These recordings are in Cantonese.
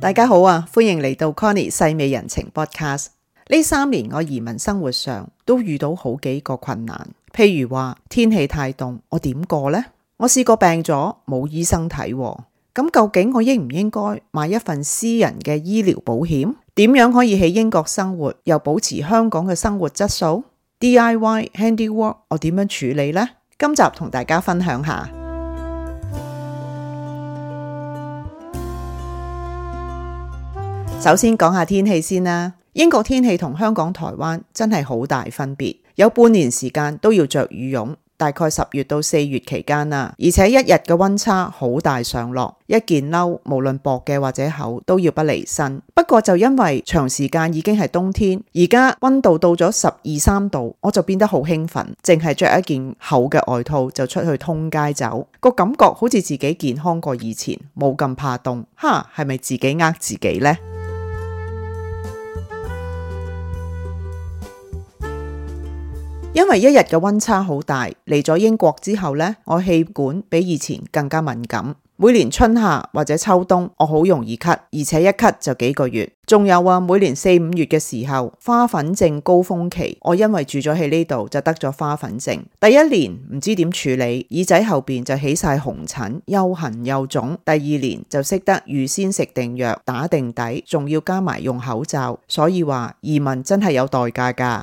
大家好啊，歡迎嚟到 Connie 細美人情 Podcast。呢三年我移民生活上都遇到好幾個困難，譬如話天氣太凍，我點過呢？我試過病咗冇醫生睇，咁、啊啊、究竟我應唔應該買一份私人嘅醫療保險？點樣可以喺英國生活又保持香港嘅生活質素 ？DIY Handywork 我點樣處理呢？今集同大家分享下。首先講下天氣先啦。英國天氣同香港、台灣真係好大分別，有半年時間都要着羽絨，大概十月到四月期間啦。而且一日嘅溫差好大，上落一件褸，無論薄嘅或者厚都要不離身。不過就因為長時間已經係冬天，而家溫度到咗十二三度，我就變得好興奮，淨係着一件厚嘅外套就出去通街走，個感覺好似自己健康過以前，冇咁怕凍。吓，係咪自己呃自己呢？因為一日嘅溫差好大，嚟咗英國之後呢，我氣管比以前更加敏感。每年春夏或者秋冬，我好容易咳，而且一咳就幾個月。仲有啊，每年四五月嘅時候，花粉症高峰期，我因為住咗喺呢度就得咗花粉症。第一年唔知點處理，耳仔後面就起晒紅疹，又痕又腫。第二年就識得預先食定藥，打定底，仲要加埋用口罩。所以話移民真係有代價㗎。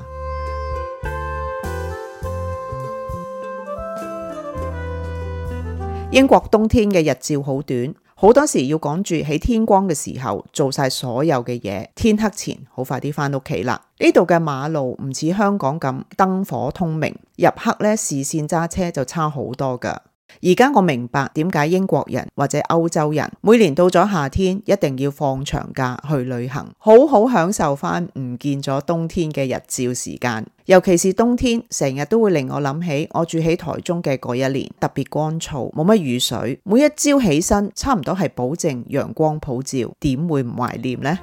英國冬天嘅日照好短，好多時候要趕住喺天光嘅時候做晒所有嘅嘢，天黑前好快啲返屋企啦。呢度嘅馬路唔似香港咁燈火通明，入黑呢，視線揸車就差好多㗎。而家我明白點解英國人或者歐洲人每年到咗夏天一定要放長假去旅行，好好享受返唔見咗冬天嘅日照時間。尤其是冬天，成日都會令我諗起我住喺台中嘅嗰一年，特別乾燥，冇乜雨水，每一朝起身差唔多係保證陽光普照，點會唔懷念呢？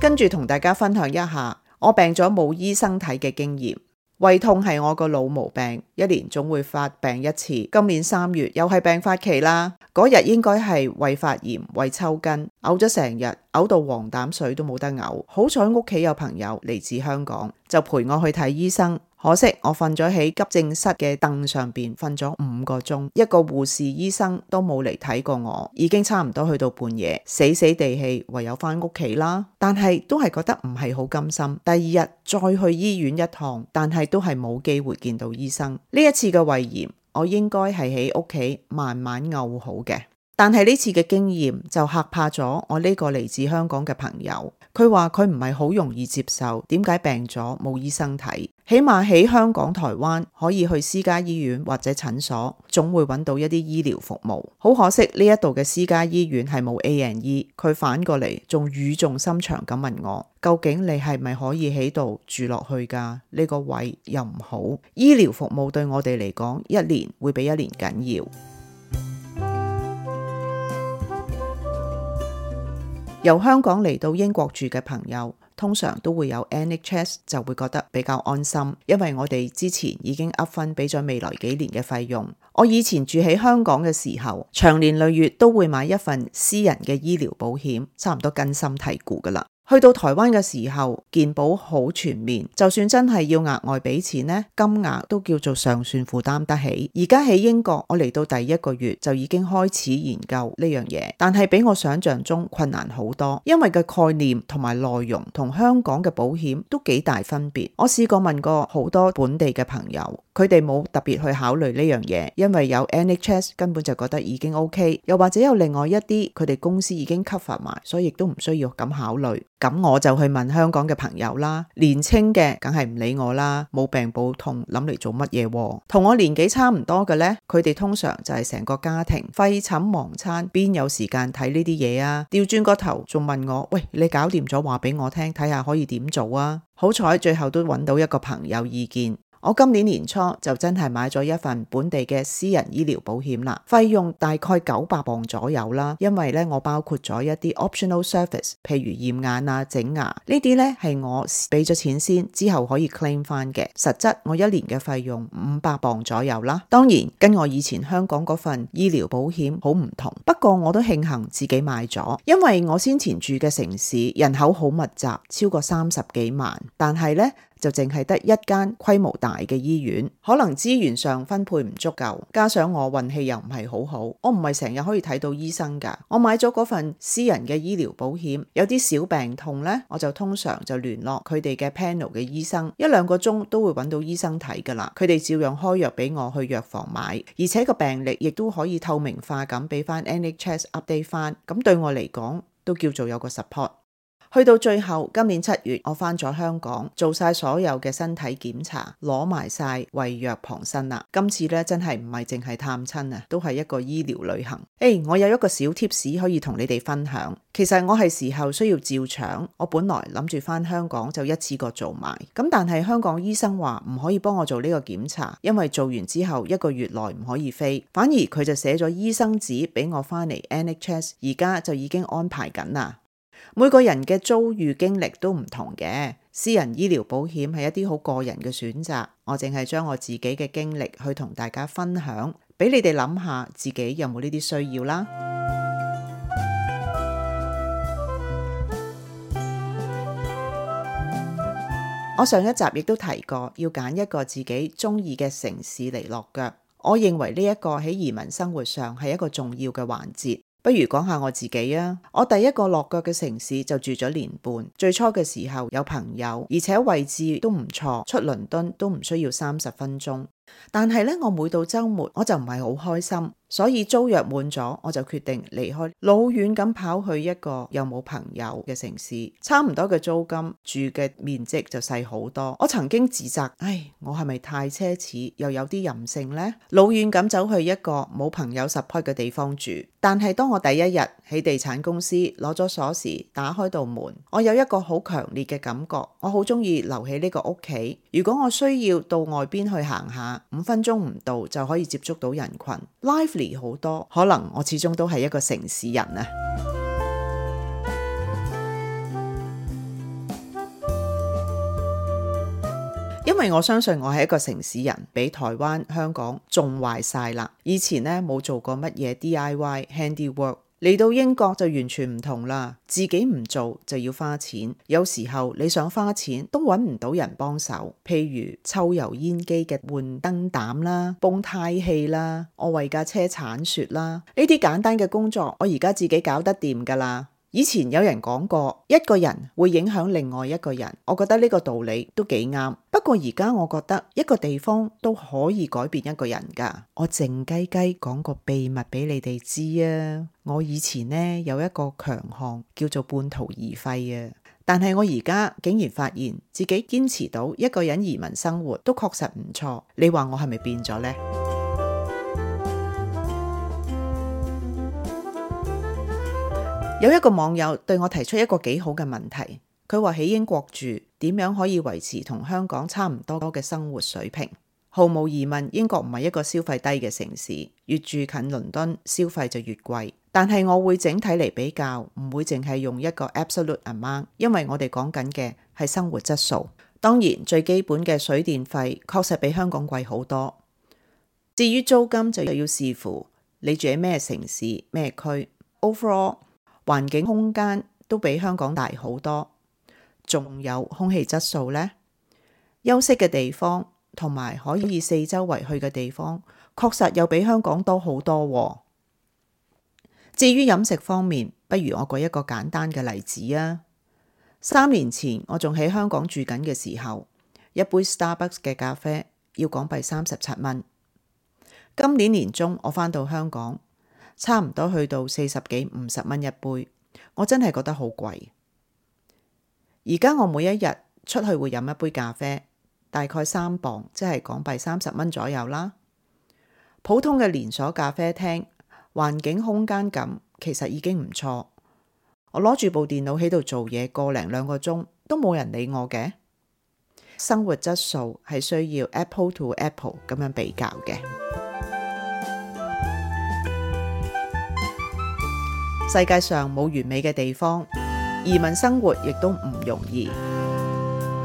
跟住同大家分享一下。我病咗冇醫生睇嘅經驗，胃痛係我個老毛病，一年總會發病一次。今年三月又係病發期啦，嗰日應該係胃發炎、胃抽筋，嘔咗成日，嘔到黃膽水都冇得嘔。好彩屋企有朋友嚟自香港，就陪我去睇醫生。可惜我瞓咗喺急症室嘅凳上邊，瞓咗五個鐘，一個護士醫生都冇嚟睇過我，已經差唔多去到半夜，死死地氣，唯有返屋企啦。但係都係覺得唔係好甘心。第二日再去醫院一趟，但係都係冇機會見到醫生。呢一次嘅胃炎，我應該係喺屋企慢慢漚好嘅，但係呢次嘅經驗就吓怕咗我呢個嚟自香港嘅朋友。佢話佢唔係好容易接受，點解病咗冇醫生睇？起碼喺香港、台灣可以去私家醫院或者診所，總會揾到一啲醫療服務。好可惜呢一度嘅私家醫院係冇 A&E，佢反過嚟仲語重心長咁問我：究竟你係咪可以喺度住落去㗎？呢、個位又唔好，醫療服務對我哋嚟講，一年會比一年緊要。 由香港嚟到英國住嘅朋友。通常都會有 NHS，就會覺得比較安心，因為我哋之前已經 up 分俾咗未來幾年嘅費用。我以前住喺香港嘅時候，長年累月都會買一份私人嘅醫療保險，差唔多根深蒂固噶啦。去到台灣嘅時候，健保好全面，就算真係要額外俾錢呢，金額都叫做尚算負擔得起。而家喺英國，我嚟到第一個月就已經開始研究呢樣嘢，但係比我想像中困難好多，因為嘅概念同埋內容同香港嘅保險都幾大分別。我試過問過好多本地嘅朋友，佢哋冇特別去考慮呢樣嘢，因為有 NHS 根本就覺得已經 OK，又或者有另外一啲佢哋公司已經 cover 埋，所以亦都唔需要咁考慮。咁我就去問香港嘅朋友啦，年青嘅梗係唔理我啦，冇病冇痛，諗嚟做乜嘢？同我年紀差唔多嘅呢，佢哋通常就係成個家庭廢寢忘餐，邊有時間睇呢啲嘢啊？調轉個頭，仲問我，喂，你搞掂咗話俾我聽，睇下可以點做啊？好彩最後都搵到一個朋友意見。我今年年初就真係買咗一份本地嘅私人醫療保險啦，費用大概九百磅左右啦。因為咧，我包括咗一啲 optional service，譬如驗眼啊、整牙呢啲咧係我俾咗錢先，之後可以 claim 返嘅。實質我一年嘅費用五百磅左右啦。當然，跟我以前香港嗰份醫療保險好唔同。不過我都慶幸自己買咗，因為我先前住嘅城市人口好密集，超過三十幾萬，但係呢。就淨係得一間規模大嘅醫院，可能資源上分配唔足夠，加上我運氣又唔係好好，我唔係成日可以睇到醫生噶。我買咗嗰份私人嘅醫療保險，有啲小病痛呢，我就通常就聯絡佢哋嘅 panel 嘅醫生，一兩個鐘都會揾到醫生睇噶啦。佢哋照樣開藥俾我去藥房買，而且個病歷亦都可以透明化咁俾翻 NHS update 翻，咁對我嚟講都叫做有個 support。去到最後，今年七月我返咗香港，做晒所有嘅身體檢查，攞埋晒胃藥傍身啦。今次咧真係唔係淨係探親啊，都係一個醫療旅行。誒、hey，我有一個小貼士可以同你哋分享。其實我係時候需要照腸，我本來諗住返香港就一次過做埋。咁但係香港醫生話唔可以幫我做呢個檢查，因為做完之後一個月內唔可以飛。反而佢就寫咗醫生紙俾我返嚟，NHS 而家就已經安排緊啦。每個人嘅遭遇經歷都唔同嘅，私人醫療保險係一啲好個人嘅選擇。我淨係將我自己嘅經歷去同大家分享，俾你哋諗下自己有冇呢啲需要啦。 我上一集亦都提過，要揀一個自己中意嘅城市嚟落腳。我認為呢一個喺移民生活上係一個重要嘅環節。不如講下我自己吖。我第一個落腳嘅城市就住咗年半，最初嘅時候有朋友，而且位置都唔錯，出倫敦都唔需要三十分鐘。但係呢，我每到周末我就唔係好開心，所以租約滿咗，我就決定離開，老遠咁跑去一個又冇朋友嘅城市，差唔多嘅租金住嘅面積就細好多。我曾經自責，唉，我係咪太奢侈，又有啲任性呢？老遠咁走去一個冇朋友 support 嘅地方住。但係當我第一日喺地產公司攞咗鎖匙打開度門，我有一個好強烈嘅感覺，我好中意留喺呢個屋企。如果我需要到外邊去行下。五分鐘唔到就可以接觸到人群，lively 好多。可能我始終都係一個城市人啊，因為我相信我係一個城市人，比台灣、香港仲壞晒啦。以前呢，冇做過乜嘢 DIY，handywork。嚟到英國就完全唔同啦，自己唔做就要花錢，有時候你想花錢都揾唔到人幫手，譬如抽油煙機嘅換燈膽啦、泵胎器啦、我為架車鏟雪啦，呢啲簡單嘅工作我而家自己搞得掂㗎喇。以前有人講過，一個人會影響另外一個人，我覺得呢個道理都幾啱。不過而家我覺得一個地方都可以改變一個人㗎。我靜雞雞講個秘密俾你哋知啊！我以前呢有一個強項叫做半途而廢啊，但係我而家竟然發現自己堅持到一個人移民生活都確實唔錯。你話我係咪變咗呢？有一個網友對我提出一個幾好嘅問題，佢話喺英國住點樣可以維持同香港差唔多多嘅生活水平？毫無疑問，英國唔係一個消費低嘅城市，越住近倫敦消費就越貴。但係我會整體嚟比較，唔會淨係用一個 absolute amount，因為我哋講緊嘅係生活質素。當然最基本嘅水電費確實比香港貴好多。至於租金就要視乎你住喺咩城市、咩區。Overall。環境空間都比香港大好多，仲有空氣質素呢。休息嘅地方同埋可以四周圍去嘅地方，確實又比香港多好多喎。至於飲食方面，不如我舉一個簡單嘅例子啊。三年前我仲喺香港住緊嘅時候，一杯 Starbucks 嘅咖啡要港幣三十七蚊。今年年中我翻到香港。差唔多去到四十幾五十蚊一杯，我真係覺得好貴。而家我每一日出去會飲一杯咖啡，大概三磅，即係港幣三十蚊左右啦。普通嘅連鎖咖啡廳，環境空間感其實已經唔錯。我攞住部電腦喺度做嘢，個零兩個鐘都冇人理我嘅。生活質素係需要 Apple to Apple 咁樣比較嘅。世界上冇完美嘅地方，移民生活亦都唔容易。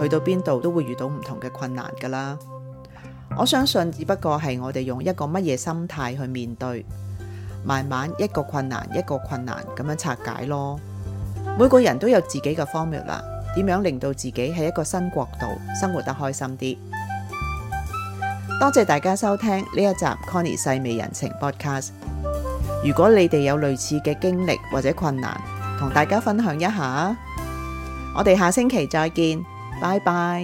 去到邊度都會遇到唔同嘅困難㗎啦。我相信只不過係我哋用一個乜嘢心態去面對，慢慢一個困難一個困難咁樣拆解咯。每個人都有自己嘅 formula 啦，點樣令到自己喺一個新國度生活得開心啲。多謝大家收聽呢一集 Connie 細微人情 Podcast。如果你哋有類似嘅經歷或者困難，同大家分享一下。我哋下星期再見，拜拜。